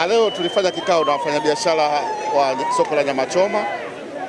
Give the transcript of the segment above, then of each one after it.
Na leo tulifanya kikao na wafanyabiashara wa soko la nyama choma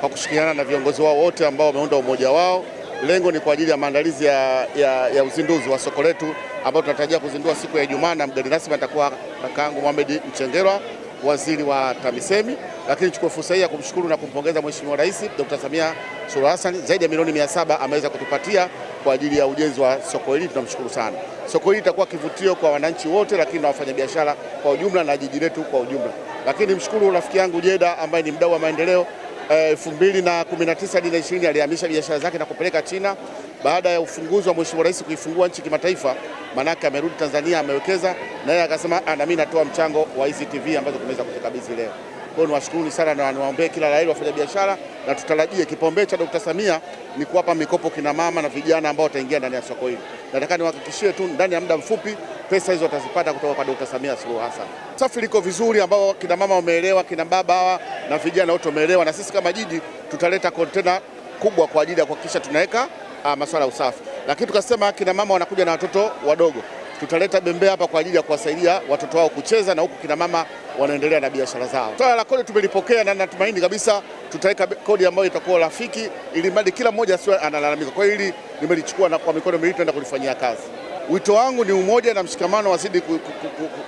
kwa kushirikiana na viongozi wao wote ambao wameunda umoja wao. Lengo ni kwa ajili ya maandalizi ya, ya, ya uzinduzi wa soko letu ambao tunatarajia kuzindua siku ya Ijumaa, na mgeni rasmi atakuwa kakaangu Mohamed Mchengerwa, waziri wa TAMISEMI. Lakini nichukue fursa hii ya kumshukuru na kumpongeza Mheshimiwa Rais Dr. Samia Suluhu Hassan, zaidi ya milioni mia saba ameweza kutupatia kwa ajili ya ujenzi wa soko hili, tunamshukuru sana. Soko hili itakuwa kivutio kwa wananchi wote, lakini na wafanyabiashara kwa ujumla na jiji letu kwa ujumla. Lakini mshukuru rafiki yangu Jeda ambaye ni mdau wa maendeleo eh, elfu mbili na kumi na tisa hadi na ishirini alihamisha biashara zake na kupeleka China baada ya ufunguzi wa Mheshimiwa Rais kuifungua nchi kimataifa, manake amerudi Tanzania amewekeza, ah, na yeye akasema ana mimi natoa mchango wa hizi TV ambazo tumeweza kutikabidhi leo. Kwa hiyo niwashukuru sana na niwaombee kila la heri biashara, na tutarajie kipaumbele cha Dr. Samia ni kuwapa mikopo kina mama na vijana ambao wataingia ndani ya soko hili. Nataka niwahakikishie tu ndani ya muda mfupi pesa hizo watazipata kutoka kwa Dkt. Samia Suluhu Hassan. Safi liko vizuri, ambao kina mama wameelewa, kina baba hawa na vijana wote wameelewa, na sisi kama jiji tutaleta kontena kubwa kwa ajili ya kuhakikisha tunaweka ah, masuala ya usafi, lakini tukasema kina mama wanakuja na watoto wadogo tutaleta bembea hapa kwa ajili ya kuwasaidia watoto wao kucheza na huku kina mama wanaendelea na biashara zao. Swala la kodi tumelipokea na natumaini kabisa tutaweka kodi ambayo itakuwa rafiki, ili mradi kila mmoja asiwe analalamika. Kwa hili nimelichukua na kwa mikono miwili tuenda kulifanyia kazi. Wito wangu ni umoja na mshikamano, wazidi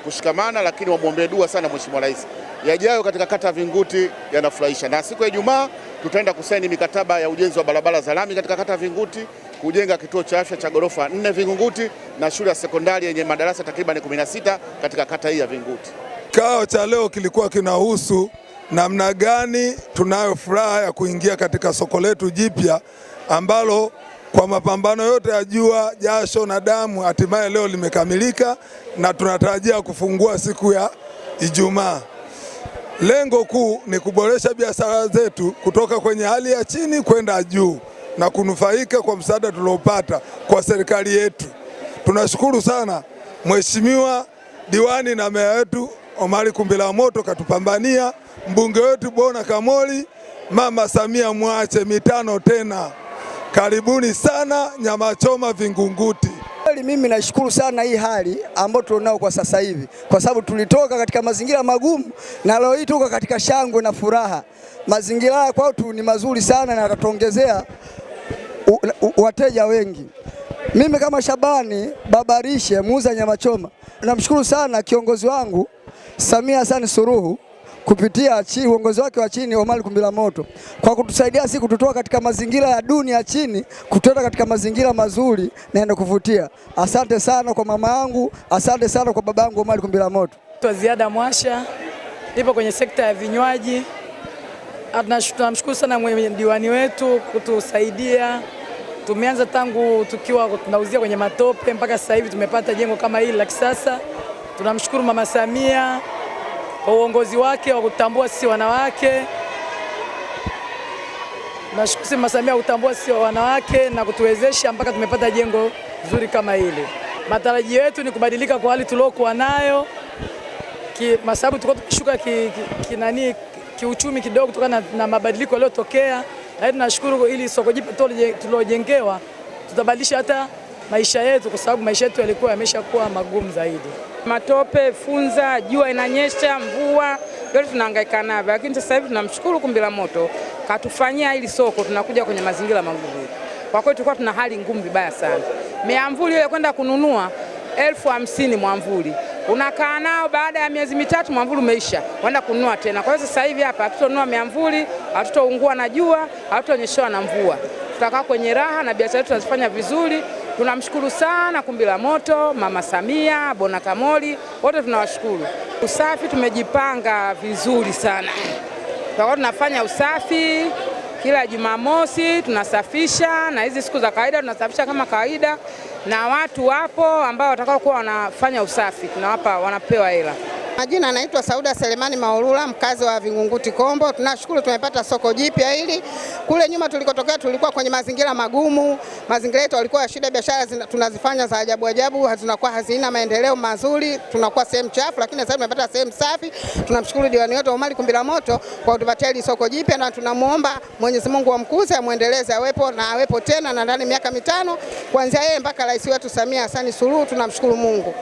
kushikamana, lakini wamwombee dua sana Mheshimiwa Rais. Yajayo katika kata ya Vinguti yanafurahisha, na siku ya Ijumaa tutaenda kusaini mikataba ya ujenzi wa barabara za lami katika kata ya Vinguti kujenga kituo cha afya cha ghorofa nne Vingunguti na shule ya sekondari yenye madarasa takriban 16 katika kata hii ya Vingunguti. Kikao cha leo kilikuwa kinahusu namna gani tunayo furaha ya kuingia katika soko letu jipya ambalo kwa mapambano yote ya jua, jasho na damu hatimaye leo limekamilika na tunatarajia kufungua siku ya Ijumaa. Lengo kuu ni kuboresha biashara zetu kutoka kwenye hali ya chini kwenda juu na kunufaika kwa msaada tuliopata kwa serikali yetu. Tunashukuru sana Mheshimiwa diwani na meya wetu Omari Kumbila Moto katupambania, mbunge wetu Bona Kamoli, Mama Samia mwache mitano tena. Karibuni sana Nyamachoma Vingunguti. Kweli mimi nashukuru sana hii hali ambayo tulionao kwa sasa hivi, kwa sababu tulitoka katika mazingira magumu na leo hii tuko katika shangwe na furaha. Mazingira haya kwetu ni mazuri sana na yatatuongezea u, u, wateja wengi. Mimi kama Shabani Babarishe muuza nyama choma, namshukuru sana kiongozi wangu Samia Hassan Suluhu kupitia uongozi wake wa chini Omar Kumbila Moto kwa kutusaidia sisi kututoa katika mazingira ya duni ya chini kutoka katika mazingira mazuri na yenye kuvutia. Asante sana kwa mama yangu, asante sana kwa baba yangu Omar Kumbila Moto. Ziada Mwasha, nipo kwenye sekta ya vinywaji tunamshukuru sana mwenye diwani wetu kutusaidia. Tumeanza tangu tukiwa tunauzia kwenye matope mpaka sasa hivi tumepata jengo kama hili la kisasa. Tunamshukuru Mama Samia kwa uongozi wake wa kutambua sisi wanawake. Nashukuru Mama Samia kutambua sisi wanawake na kutuwezesha mpaka tumepata jengo zuri kama hili. Matarajio yetu ni kubadilika kwa hali tuliokuwa nayo, kwa sababu tulikuwa tukishuka kinani ki, ki, kiuchumi kidogo kutokana na, na mabadiliko yaliyotokea, lakini tunashukuru ili soko jipya tulojengewa tutabadilisha hata maisha yetu, kwa sababu maisha yetu yalikuwa yameshakuwa magumu zaidi. Matope, funza, jua inanyesha, mvua, yote tunahangaika navyo, lakini sasa hivi tunamshukuru Kumbi la Moto katufanyia hili soko, tunakuja kwenye mazingira magumu. Kwa kweli tulikuwa tuna hali ngumu vibaya sana, miamvuli ile kwenda kununua elfu hamsini mwamvuli unakaa nao, baada ya miezi mitatu mwamvuli umeisha, wenda kununua tena. Kwa hiyo sasa hivi hapa hatutonunua miamvuli, hatutoungua na jua, hatutonyeshewa na mvua, tutakaa kwenye raha na biashara yetu tunazifanya vizuri. Tunamshukuru sana Kumbi la Moto, Mama Samia, Bona Kamoli, wote tunawashukuru. Usafi tumejipanga vizuri sana, tutakuwa tunafanya usafi kila Jumamosi tunasafisha na hizi siku za kawaida tunasafisha kama kawaida na watu wapo ambao watakao kuwa wanafanya usafi tunawapa, wanapewa hela. Majina anaitwa Sauda Selemani Maulula, mkazi wa Vingunguti Kombo. Tunashukuru tumepata soko jipya hili. Kule nyuma tulikotokea tulikuwa kwenye mazingira magumu, mazingira yetu yalikuwa ya shida, biashara tunazifanya za ajabu ajabu, zinakuwa hazina maendeleo mazuri, tunakuwa sehemu chafu, lakini sasa tumepata sehemu safi. Tunamshukuru diwani wetu Omari Kumbila Moto kwa kutupatia hili soko jipya, na tunamwomba Mwenyezi Mungu amkuze, amwendeleze, awepo na awepo tena, na ndani miaka mitano kuanzia yeye mpaka rais wetu Samia Hassan Suluhu, tunamshukuru Mungu.